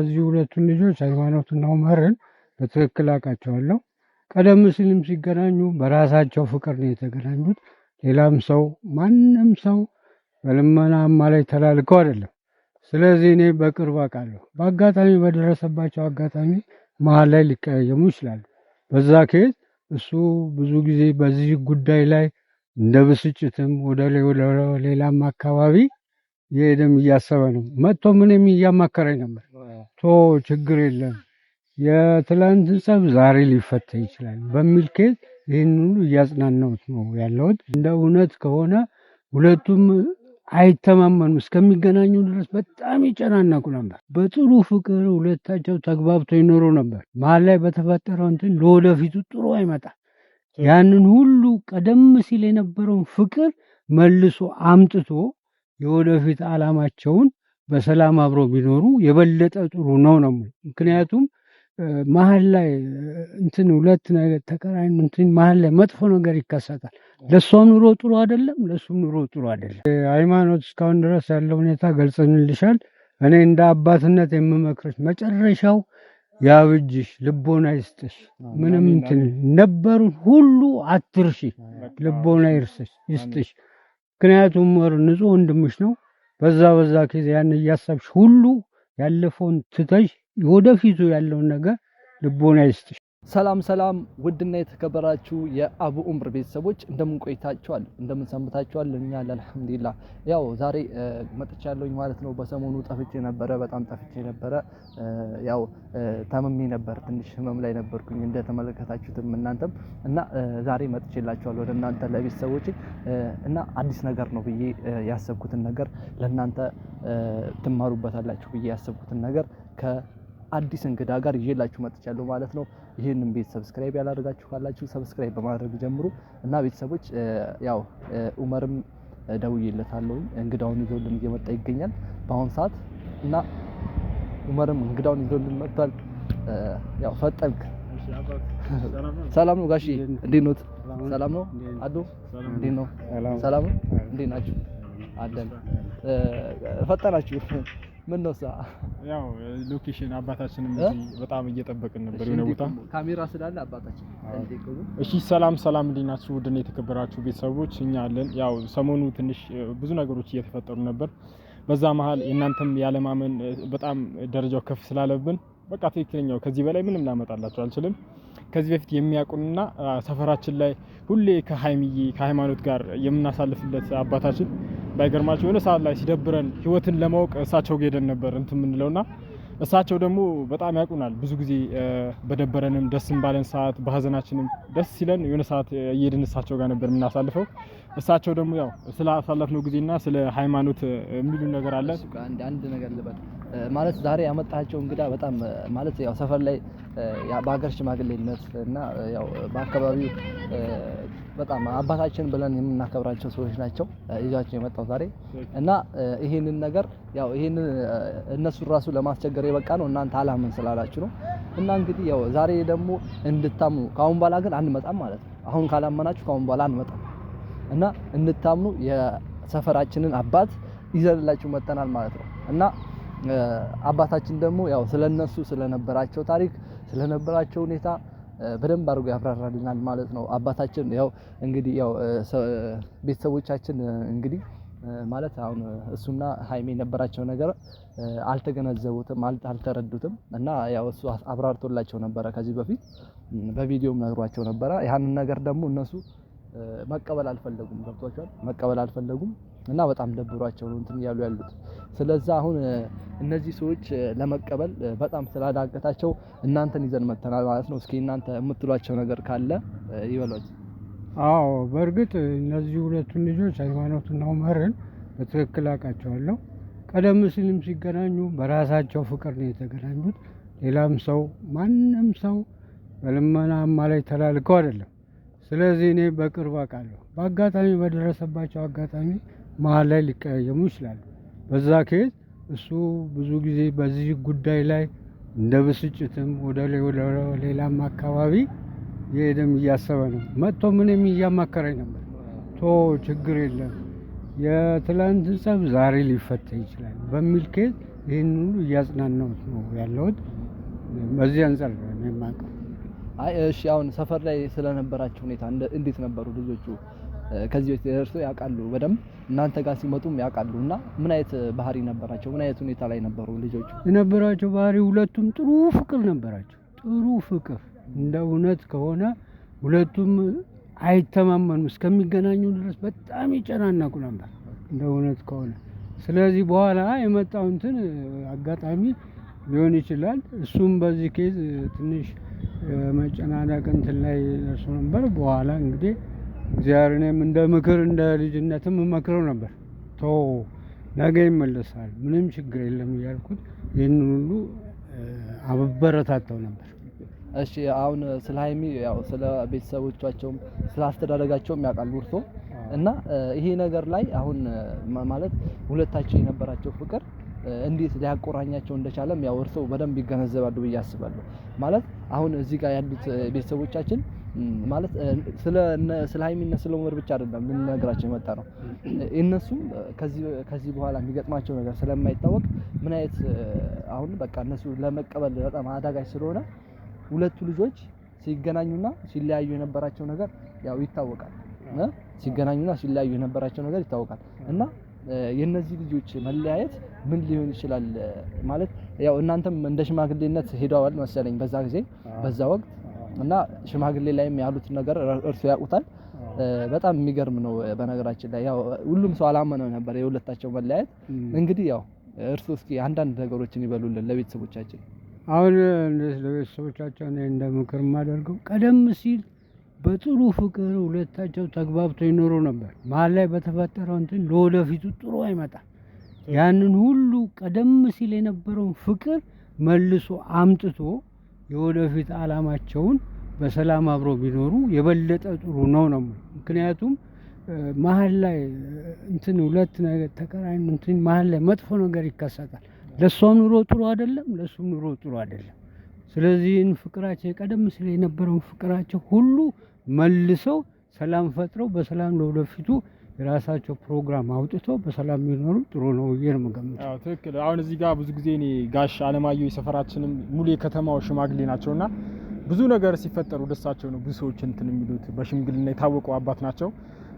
እነዚህ ሁለቱን ልጆች ሃይማኖትና ዑመርን በትክክል አውቃቸዋለሁ። ቀደም ሲልም ሲገናኙ በራሳቸው ፍቅር ነው የተገናኙት። ሌላም ሰው ማንም ሰው በልመና ላይ ተላልከው አይደለም። ስለዚህ እኔ በቅርብ አውቃለሁ። በአጋጣሚ በደረሰባቸው አጋጣሚ መሀል ላይ ሊቀያየሙ ይችላሉ። በዛ ኬዝ እሱ ብዙ ጊዜ በዚህ ጉዳይ ላይ እንደ ብስጭትም ወደ ሌላም አካባቢ የሄደም እያሰበ ነው መጥቶ ምንም እያማከረኝ ነበር። ቶ ችግር የለም የትላንት ጸብ ዛሬ ሊፈታ ይችላል በሚል ኬዝ ይህን ሁሉ እያጽናናሁት ነው ያለሁት። እንደ እውነት ከሆነ ሁለቱም አይተማመኑ እስከሚገናኙ ድረስ በጣም ይጨናነቁ ነበር። በጥሩ ፍቅር ሁለታቸው ተግባብቶ ይኖሩ ነበር። መሀል ላይ በተፈጠረው እንትን ለወደፊቱ ጥሩ አይመጣ። ያንን ሁሉ ቀደም ሲል የነበረውን ፍቅር መልሶ አምጥቶ የወደፊት አላማቸውን በሰላም አብረው ቢኖሩ የበለጠ ጥሩ ነው ነው። ምክንያቱም መሀል ላይ እንትን ሁለት ነገር ተቀራኝ እንትን መሀል ላይ መጥፎ ነገር ይከሰታል። ለእሷም ኑሮ ጥሩ አይደለም፣ ለእሱም ኑሮ ጥሩ አይደለም። ሃይማኖት እስካሁን ድረስ ያለው ሁኔታ ገልጽንልሻል። እኔ እንደ አባትነት የምመክርሽ መጨረሻው ያብጅሽ፣ ልቦና ይስጥሽ። ምንም እንትን ነበሩን ሁሉ አትርሺ፣ ልቦና ይርስሽ ይስጥሽ። ምክንያቱም ወር ንጹህ ወንድምሽ ነው። በዛ በዛ ጊዜ ያን እያሰብሽ ሁሉ ያለፈውን ትተሽ ወደፊቱ ያለውን ነገር ልቦና ይስጥሽ። ሰላም ሰላም ውድና የተከበራችሁ የአቡ ኡምር ቤተሰቦች እንደምን ቆይታችኋል? እንደምን ሰንብታችኋል? እኛ አልሐምዱሊላ። ያው ዛሬ መጥቻለሁኝ ማለት ነው። በሰሞኑ ጠፍቼ ነበረ፣ በጣም ጠፍቼ ነበረ። ያው ታመሜ ነበር፣ ትንሽ ህመም ላይ ነበርኩኝ እንደተመለከታችሁትም እናንተም እና ዛሬ መጥቼላችኋል ወደ እናንተ ለቤተሰቦች እና አዲስ ነገር ነው ብዬ ያሰብኩትን ነገር ለእናንተ ትማሩበታላችሁ ብዬ ያሰብኩትን ነገር አዲስ እንግዳ ጋር ይዤላችሁ መጥቻለሁ ማለት ነው። ይህንን ቤት ሰብስክራይብ ያላደርጋችሁ ካላችሁ ሰብስክራይብ በማድረግ ጀምሩ እና ቤተሰቦች ያው ኡመርም ደውዬለታለሁ እንግዳውን ይዞልን እየመጣ ይገኛል በአሁን ሰዓት እና ኡመርም እንግዳውን ይዞልን መጥቷል። ያው ፈጠንክ። ሰላም ነው ጋሺ፣ እንዴት ነው? ሰላም ነው አዶ፣ እንዴት ነው? ሰላም ነው። እንዴት ናችሁ? አለን። ፈጠናችሁ ምን ነው ያው ሎኬሽን አባታችንም በጣም እየጠበቅን ነበር፣ የሆነ ቦታ ካሜራ ስላለ አባታችን። እሺ ሰላም ሰላም፣ እንዴት ናችሁ? ውድ የተከበራችሁ ቤተሰቦች እኛ አለን። ያው ሰሞኑ ትንሽ ብዙ ነገሮች እየተፈጠሩ ነበር። በዛ መሀል የእናንተም ያለማመን በጣም ደረጃው ከፍ ስላለብን በቃ ትክክለኛው ከዚህ በላይ ምንም ላመጣላችሁ አልችልም። ከዚህ በፊት የሚያውቁንና ሰፈራችን ላይ ሁሌ ከሀይሚዬ ከሃይማኖት ጋር የምናሳልፍለት አባታችን ባይገርማቸው የሆነ ሰዓት ላይ ሲደብረን ህይወትን ለማወቅ እሳቸው ሄደን ነበር እንትን የምንለውና እሳቸው ደግሞ በጣም ያውቁናል። ብዙ ጊዜ በደበረንም ደስም ባለን ሰዓት በሀዘናችንም ደስ ሲለን የሆነ ሰዓት እየሄድን እሳቸው ጋር ነበር የምናሳልፈው። እሳቸው ደግሞ ያው ስለ አሳለፍነው ጊዜና ስለ ሃይማኖት የሚሉ ነገር አለ። አንድ ነገር ልበል ማለት ዛሬ ያመጣቸው እንግዳ በጣም ማለት ያው ሰፈር ላይ በሀገር ሽማግሌነት እና ያው በአካባቢው በጣም አባታችን ብለን የምናከብራቸው ሰዎች ናቸው ይዟቸው የመጣው ዛሬ እና ይሄንን ነገር ያው ይሄንን እነሱን ራሱ ለማስቸገር የበቃ ነው እናንተ አላምን ስላላችሁ ነው። እና እንግዲህ ያው ዛሬ ደግሞ እንድታምኑ ከአሁን በኋላ ግን አንመጣም ማለት ነው። አሁን ካላመናችሁ ከአሁን በኋላ አንመጣም እና እንድታምኑ የሰፈራችንን አባት ይዘንላችሁ መጥተናል ማለት ነው እና አባታችን ደግሞ ያው ስለነሱ ስለነበራቸው ታሪክ ስለነበራቸው ሁኔታ በደንብ አድርጎ ያብራራልናል ማለት ነው። አባታችን ያው እንግዲህ ያው ቤተሰቦቻችን እንግዲህ ማለት አሁን እሱና ሀይሜ የነበራቸው ነገር አልተገነዘቡትም፣ አልተረዱትም እና ያው እሱ አብራርቶላቸው ነበረ ከዚህ በፊት በቪዲዮም ነግሯቸው ነበረ። ያንን ነገር ደግሞ እነሱ መቀበል አልፈለጉም። ገብቷቸዋል። መቀበል አልፈለጉም። እና በጣም ደብሯቸው ነው እንትን እያሉ ያሉት። ስለዛ አሁን እነዚህ ሰዎች ለመቀበል በጣም ስላዳገታቸው እናንተን ይዘን መተናል ማለት ነው። እስኪ እናንተ የምትሏቸው ነገር ካለ ይበሏቸው። አዎ በእርግጥ እነዚህ ሁለቱን ልጆች ሃይማኖትና ዑመርን በትክክል አውቃቸዋለሁ። ቀደም ሲልም ሲገናኙ በራሳቸው ፍቅር ነው የተገናኙት። ሌላም ሰው ማንም ሰው በልመና ላይ ተላልከው አይደለም። ስለዚህ እኔ በቅርብ አውቃለሁ። በአጋጣሚ በደረሰባቸው አጋጣሚ መሀል ላይ ሊቀያየሙ ይችላሉ። በዛ ኬዝ እሱ ብዙ ጊዜ በዚህ ጉዳይ ላይ እንደ ብስጭትም ወደ ሌላም አካባቢ የሄደም እያሰበ ነው። መጥቶ ምንም እያማከረኝ ነበር። ቶ ችግር የለም የትላንት ጸብ ዛሬ ሊፈታ ይችላል በሚል ኬዝ ይህን ሁሉ እያጽናናሁት ነው ያለሁት። በዚህ አንጻር ነው የማውቀው። እሺ፣ አሁን ሰፈር ላይ ስለነበራቸው ሁኔታ እንዴት ነበሩ ልጆቹ? ከዚህ በፊት ደርሰው ያውቃሉ በደንብ እናንተ ጋር ሲመጡም ያውቃሉ። እና ምን አይነት ባህሪ ነበራቸው? ምን አይነት ሁኔታ ላይ ነበሩ ልጆቹ? የነበራቸው ባህሪ ሁለቱም ጥሩ ፍቅር ነበራቸው። ጥሩ ፍቅር እንደ እውነት ከሆነ ሁለቱም አይተማመኑ እስከሚገናኙ ድረስ በጣም ይጨናነቁ ነበር እንደ እውነት ከሆነ። ስለዚህ በኋላ የመጣው እንትን አጋጣሚ ሊሆን ይችላል። እሱም በዚህ ኬዝ ትንሽ መጨናነቅ እንትን ላይ ደርሶ ነበር። በኋላ እንግዲህ እግዚአብሔር እኔም እንደ ምክር እንደ ልጅነትም እመክረው ነበር። ቶ ነገ ይመለሳል ምንም ችግር የለም እያልኩት ይህን ሁሉ አበረታታው ነበር። እሺ አሁን ስለ ሀይሚ ያው ስለ ቤተሰቦቻቸውም ስለ አስተዳደጋቸውም ያውቃል ውርቶ እና ይሄ ነገር ላይ አሁን ማለት ሁለታቸው የነበራቸው ፍቅር እንዴት ሊያቆራኛቸው እንደቻለም ያው እርሶ በደንብ ይገነዘባሉ ብዬ አስባለሁ። ማለት አሁን እዚህ ጋር ያሉት ቤተሰቦቻችን ማለት ስለ ስለ ሀይሚና ስለ ኡመር ብቻ አይደለም ልንነግራቸው የመጣ ነው። እነሱም ከዚህ በኋላ የሚገጥማቸው ነገር ስለማይታወቅ ምን አይነት አሁን በቃ እነሱ ለመቀበል በጣም አዳጋች ስለሆነ ሁለቱ ልጆች ሲገናኙና ሲለያዩ የነበራቸው ነገር ያው ይታወቃል። ሲገናኙና ሲለያዩ የነበራቸው ነገር ይታወቃል እና የነዚህ ልጆች መለያየት ምን ሊሆን ይችላል ማለት ያው እናንተም እንደ ሽማግሌነት ሄደዋል መሰለኝ በዛ ጊዜ በዛ ወቅት እና ሽማግሌ ላይም ያሉትን ነገር እርሱ ያውቁታል። በጣም የሚገርም ነው። በነገራችን ላይ ያው ሁሉም ሰው አላመነው ነበር የሁለታቸው መለያየት። እንግዲህ ያው እርሱ እስኪ አንዳንድ ነገሮችን ይበሉልን ለቤተሰቦቻችን። አሁን ለቤተሰቦቻቸው እንደ ምክር የማደርገው ቀደም ሲል በጥሩ ፍቅር ሁለታቸው ተግባብቶ ይኖሩ ነበር። መሀል ላይ በተፈጠረው እንትን ለወደፊቱ ጥሩ አይመጣም። ያንን ሁሉ ቀደም ሲል የነበረውን ፍቅር መልሶ አምጥቶ የወደፊት አላማቸውን በሰላም አብረው ቢኖሩ የበለጠ ጥሩ ነው ነው። ምክንያቱም መሀል ላይ እንትን ሁለት ነገር ተቀራኝ እንትን መሀል ላይ መጥፎ ነገር ይከሰታል። ለእሷ ኑሮ ጥሩ አይደለም፣ ለእሱ ኑሮ ጥሩ አይደለም። ስለዚህን ፍቅራቸው የቀደም ሲል የነበረውን ፍቅራቸው ሁሉ መልሰው ሰላም ፈጥረው በሰላም ለወደፊቱ የራሳቸው ፕሮግራም አውጥተው በሰላም የሚኖሩ ጥሩ ነው ብዬ ነው የምገምተው። ትክክል። አሁን እዚህ ጋር ብዙ ጊዜ እኔ ጋሽ አለማየሁ የሰፈራችንም ሙሉ የከተማው ሽማግሌ ናቸው እና ብዙ ነገር ሲፈጠሩ ደሳቸው ነው ብዙ ሰዎች እንትን የሚሉት በሽምግልና የታወቀው አባት ናቸው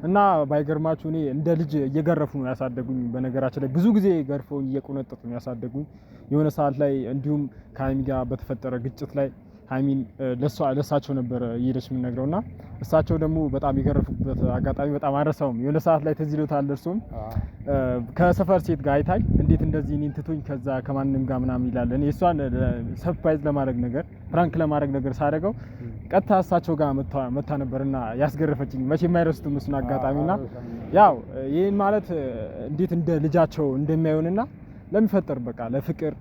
እና ባይገርማችሁ እኔ እንደ ልጅ እየገረፉ ነው ያሳደጉኝ። በነገራችን ላይ ብዙ ጊዜ ገርፈው እየቆነጠጡ ነው ያሳደጉኝ። የሆነ ሰዓት ላይ እንዲሁም ከሀይሚ ጋር በተፈጠረ ግጭት ላይ ሀይሚን ለእሳቸው ነበር እየሄደች የምንነግረው እና እሳቸው ደግሞ በጣም የገረፉበት አጋጣሚ በጣም አረሰውም። የሆነ ሰዓት ላይ ተዚህ ይሎታል። እርሱም ከሰፈር ሴት ጋር አይታኝ እንዴት እንደዚህ እኔን ትቶኝ ከዛ ከማንም ጋር ምናምን ይላል። እኔ እሷን ሰርፕራይዝ ለማድረግ ነገር ፕራንክ ለማድረግ ነገር ሳደርገው ቀጥታ እሳቸው ጋር መታ ነበርና ያስገረፈችኝ መቼ የማይረሱትም እሱን አጋጣሚና ያው ይህን ማለት እንዴት እንደ ልጃቸው እንደሚያዩንና ለሚፈጠር በቃ ለፍቅር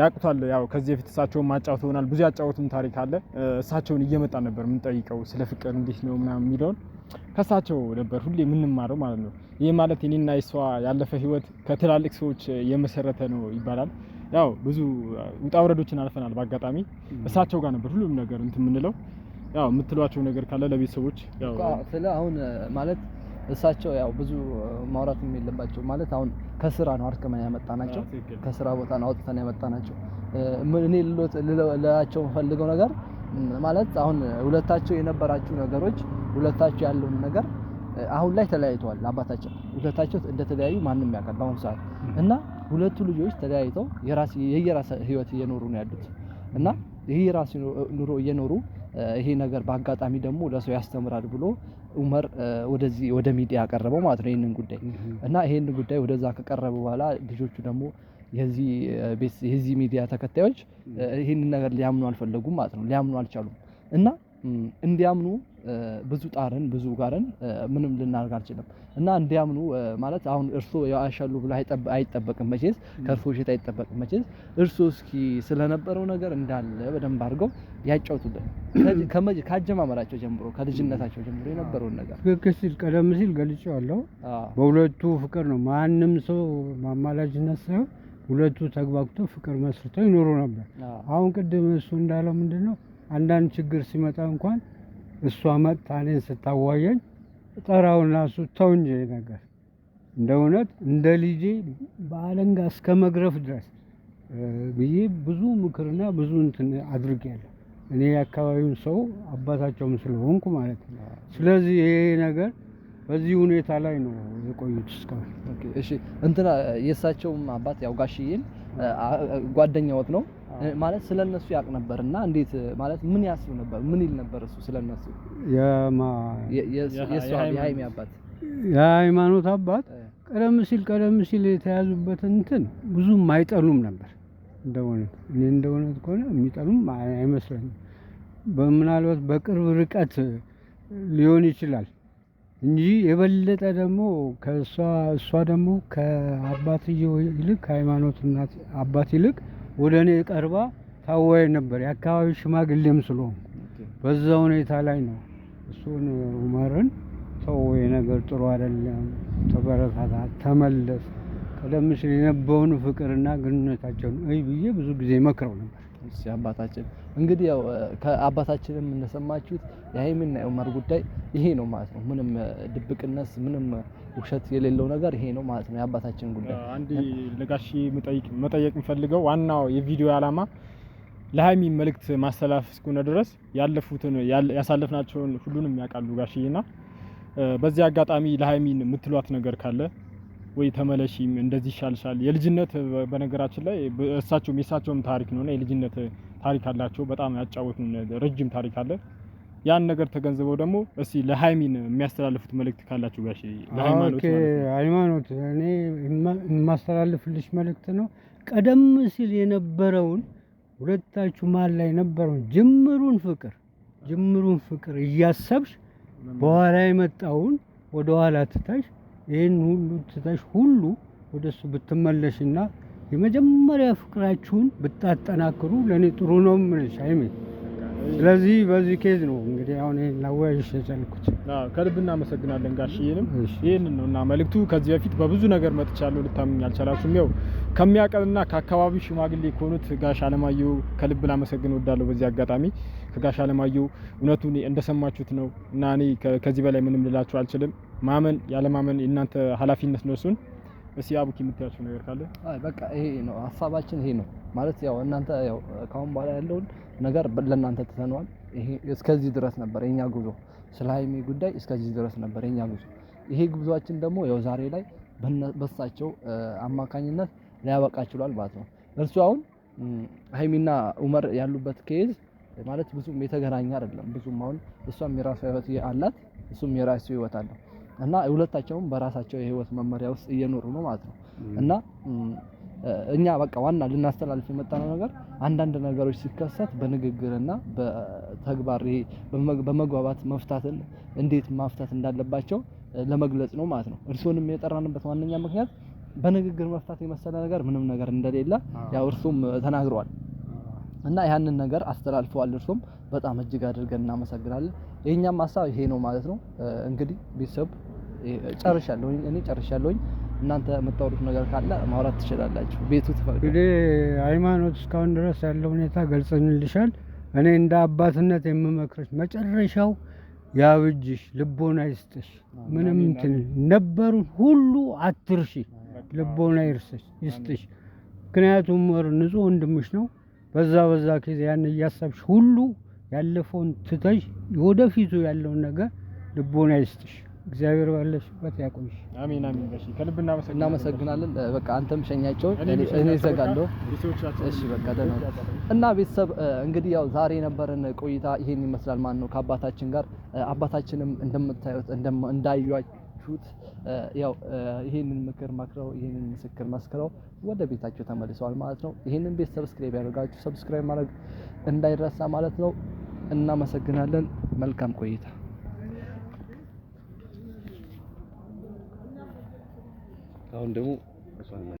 ያቁታል። ያው ከዚህ በፊት እሳቸውን ሆናል ብዙ ያጫወቱን ታሪክ አለ። እሳቸውን እየመጣ ነበር የምንጠይቀው ስለ ፍቅር እንዴት ነው ምናምን የሚለውን ከእሳቸው ነበር ሁሌ የምንማረው ማለት ነው። ይህ ማለት የኔና የሷ ያለፈ ህይወት ከትላልቅ ሰዎች የመሰረተ ነው ይባላል። ያው ብዙ ውጣ ውረዶችን አልፈናል። በአጋጣሚ እሳቸው ጋር ነበር ሁሉም ነገር እንትን የምንለው። ያው የምትሏቸው ነገር ካለ ለቤተሰቦች ያው ስለ አሁን ማለት እሳቸው ያው ብዙ ማውራት የለባቸው ማለት አሁን ከስራ ነው ያመጣ ናቸው። ከስራ ቦታ ነው አውጥተን ያመጣናቸው። እኔ ልላቸው ፈልገው ነገር ማለት አሁን ሁለታቸው የነበራችሁ ነገሮች ሁለታቸው ያለውን ነገር አሁን ላይ ተለያይተዋል። አባታቸው ሁለታቸው እንደተለያዩ ማንም ያውቃል በአሁኑ ሰዓት እና ሁለቱ ልጆች ተለያይተው የራስ የየራስ ህይወት እየኖሩ ነው ያሉት እና ይሄ የራስ ኑሮ እየኖሩ ይሄ ነገር በአጋጣሚ ደግሞ ለሰው ያስተምራል ብሎ ኡመር ወደዚህ ወደ ሚዲያ ያቀረበው ማለት ነው ይህንን ጉዳይ እና ይህንን ጉዳይ ወደዛ ከቀረበ በኋላ ልጆቹ ደግሞ የዚህ ሚዲያ ተከታዮች ይህንን ነገር ሊያምኑ አልፈለጉም ማለት ነው። ሊያምኑ አልቻሉም እና እንዲያምኑ ብዙ ጣርን ብዙ ጋርን ምንም ልናደርግ አልችልም እና እንዲያምኑ ማለት አሁን እርሶ ያሻሉ ብሎ አይጠበቅም መቼስ ከእርሶ ውሸት አይጠበቅም መቼስ። እርሶ እስኪ ስለነበረው ነገር እንዳለ በደንብ አድርገው ያጫውቱልን ከአጀማመራቸው ጀምሮ ከልጅነታቸው ጀምሮ የነበረውን ነገር። ትክክል ሲል ቀደም ሲል ገልጬዋለሁ። በሁለቱ ፍቅር ነው ማንም ሰው ማማላጅነት ሳይሆን ሁለቱ ተግባብቶ ፍቅር መስርተው ይኖሩ ነበር። አሁን ቅድም እሱ እንዳለው ምንድን ነው አንዳንድ ችግር ሲመጣ እንኳን እሷ መጥታ እኔን ስታዋየኝ ጠራውና እሱ ተው እንጂ ነገር እንደ እውነት እንደ ልጄ በአለንጋ እስከ መግረፍ ድረስ ብዬ ብዙ ምክርና ብዙ እንትን አድርጌያለሁ። እኔ የአካባቢውን ሰው አባታቸውም ስለሆንኩ ማለት ነው። ስለዚህ ይሄ ነገር በዚህ ሁኔታ ላይ ነው የቆዩት እስካሁን። እሺ እንትና የእሳቸውም አባት ያው ጋሽዬን ጓደኛዎት ነው ማለት ስለነሱ ያውቅ ነበር እና እንዴት ማለት ምን ያስብ ነበር? ምን ይል ነበር እሱ ስለነሱ? የማ የሃይሚ አባት የሃይማኖት አባት ቀደም ሲል ቀደም ሲል የተያዙበትን እንትን ብዙም አይጠሉም ነበር እንደሆነ እኔ እንደሆነ ከሆነ የሚጠሉም አይመስለኝም። በምናልባት በቅርብ ርቀት ሊሆን ይችላል እንጂ የበለጠ ደግሞ ከእሷ እሷ ደግሞ ከአባትየው ይልቅ ሃይማኖት እናት አባት ይልቅ ወደ እኔ ቀርባ ታዋይ ነበር። የአካባቢ ሽማግሌም ስለሆን በዛ ሁኔታ ላይ ነው እሱን ኡመርን ተው ነገር ጥሩ አይደለም፣ ተበረታታ፣ ተመለስ፣ ቀደም ሲል የነበውን ፍቅርና ግንኙነታቸውን እይ ብዬ ብዙ ጊዜ መክረው ነበር። አባታችን እንግዲህ ያው ከአባታችንም እንደሰማችሁት የሀይሚና የኡመር ጉዳይ ይሄ ነው ማለት ነው። ምንም ድብቅነት፣ ምንም ውሸት የሌለው ነገር ይሄ ነው ማለት ነው የአባታችን ጉዳይ። አንድ ለጋሽ መጠየቅ የምፈልገው ዋናው የቪዲዮ ዓላማ ለሀይሚ መልእክት ማስተላለፍ እስከሆነ ድረስ ያለፉትን ያሳለፍናቸውን ሁሉንም ያውቃሉ ጋሽዬና በዚህ አጋጣሚ ለሀይሚን የምትሏት ነገር ካለ ወይ ተመለሺም እንደዚህ ይሻልሻል። የልጅነት በነገራችን ላይ እሳቸውም የእሳቸውም ታሪክ ነው የልጅነት ታሪክ አላቸው። በጣም ያጫወቱን ረጅም ታሪክ አለ። ያን ነገር ተገንዝበው ደግሞ እስቲ ለሀይሚን የሚያስተላልፉት መልእክት ካላችሁ ጋሽ ለሃይማኖት ሃይማኖት እኔ የማስተላልፍልሽ መልእክት ነው። ቀደም ሲል የነበረውን ሁለታችሁ ማል ላይ ነበረውን ጅምሩን ፍቅር ጅምሩን ፍቅር እያሰብሽ በኋላ የመጣውን ወደ ኋላ ትታሽ ይህን ሁሉ ትተሽ ሁሉ ወደ እሱ ብትመለሽና የመጀመሪያ ፍቅራችሁን ብታጠናክሩ ለእኔ ጥሩ ነው የምልሽ አይሜ። ስለዚህ በዚህ ኬዝ ነው እንግዲህ አሁን ይህን ላወያይሽ የቻልኩት። ከልብ እናመሰግናለን ጋሽዬንም ይህን ነው እና መልእክቱ። ከዚህ በፊት በብዙ ነገር መጥቻለሁ፣ ልታምኝ አልቻላችሁም። ያው ከሚያቀልና ከአካባቢው ሽማግሌ ከሆኑት ጋሽ አለማየሁ ከልብ ላመሰግን ወዳለሁ በዚህ አጋጣሚ ከጋሽ አለማየሁ እውነቱን እንደሰማችሁት ነው እና እኔ ከዚህ በላይ ምንም ልላችሁ አልችልም። ማመን ያለማመን የእናንተ ኃላፊነት ነው። እሱን እስቲ አቡኪ የምታያቸው ነገር ካለ አይ በቃ ይሄ ነው ሀሳባችን፣ ይሄ ነው ማለት ያው እናንተ ያው ካሁን በኋላ ያለውን ነገር ለእናንተ ትተነዋል። ይሄ እስከዚህ ድረስ ነበር የኛ ጉዞ፣ ስለ ሀይሚ ጉዳይ እስከዚህ ድረስ ነበር የኛ ጉዞ። ይሄ ጉዞአችን ደግሞ ያው ዛሬ ላይ በሳቸው አማካኝነት ሊያበቃ ችሏል ማለት ነው። እርሱ አሁን ሀይሚና ኡመር ያሉበት ኬዝ ማለት ብዙም የተገናኘ አይደለም። ብዙም አሁን እሷም የራሷ ህይወት አላት፣ እሱም የራሱ ህይወት አለው። እና ሁለታቸውም በራሳቸው የህይወት መመሪያ ውስጥ እየኖሩ ነው ማለት ነው። እና እኛ በቃ ዋና ልናስተላልፍ የመጣነው ነገር አንዳንድ ነገሮች ሲከሰት በንግግርና በተግባር በመግባባት መፍታትን እንዴት ማፍታት እንዳለባቸው ለመግለጽ ነው ማለት ነው። እርስዎንም የጠራንበት ዋነኛ ምክንያት በንግግር መፍታት የመሰለ ነገር ምንም ነገር እንደሌለ ያው እርሱም ተናግረዋል እና ያንን ነገር አስተላልፈዋል። እርሱም በጣም እጅግ አድርገን እናመሰግናለን። የእኛም ሀሳብ ይሄ ነው ማለት ነው። እንግዲህ ቤተሰብ ጨርሻለሁ፣ እኔ ጨርሻለሁኝ። እናንተ የምታወሩት ነገር ካለ ማውራት ትችላላችሁ። ቤቱ ትፈቅዱ። ሃይማኖት እስካሁን ድረስ ያለው ሁኔታ ገልጸንልሻል። እኔ እንደ አባትነት የምመክርሽ መጨረሻው ያብጅሽ፣ ልቦና ይስጥሽ። ምንም እንትን ነበሩን ሁሉ አትርሺ፣ ልቦና ይርስሽ ይስጥሽ። ምክንያቱም ወር ንጹህ ወንድምሽ ነው። በዛ በዛ ጊዜ ያን እያሰብሽ ሁሉ ያለፈውን ትተሽ ወደፊቱ ያለውን ነገር ልቦና ይስጥሽ። እግዚአብሔር ባለሽበት ያቆይሽ። አሜን አሜን። እሺ ከልብ እናመሰግናለን። በቃ አንተም ሸኛቸው፣ እኔ ዘጋለሁ። እሺ በቃ ደህና እና ቤተሰብ እንግዲህ ያው ዛሬ የነበረን ቆይታ ይሄን ይመስላል ማን ነው ከአባታችን ጋር። አባታችንም እንደምታዩት እንዳያችሁት ያው ይሄንን ምክር መክረው ይሄንን ምስክር መስክረው ወደ ቤታቸው ተመልሰዋል ማለት ነው። ይሄንን ቤት ሰብስክራይብ ያደርጋችሁ ሰብስክራይብ ማድረግ እንዳይረሳ ማለት ነው። እናመሰግናለን። መልካም ቆይታ አሁን ደግሞ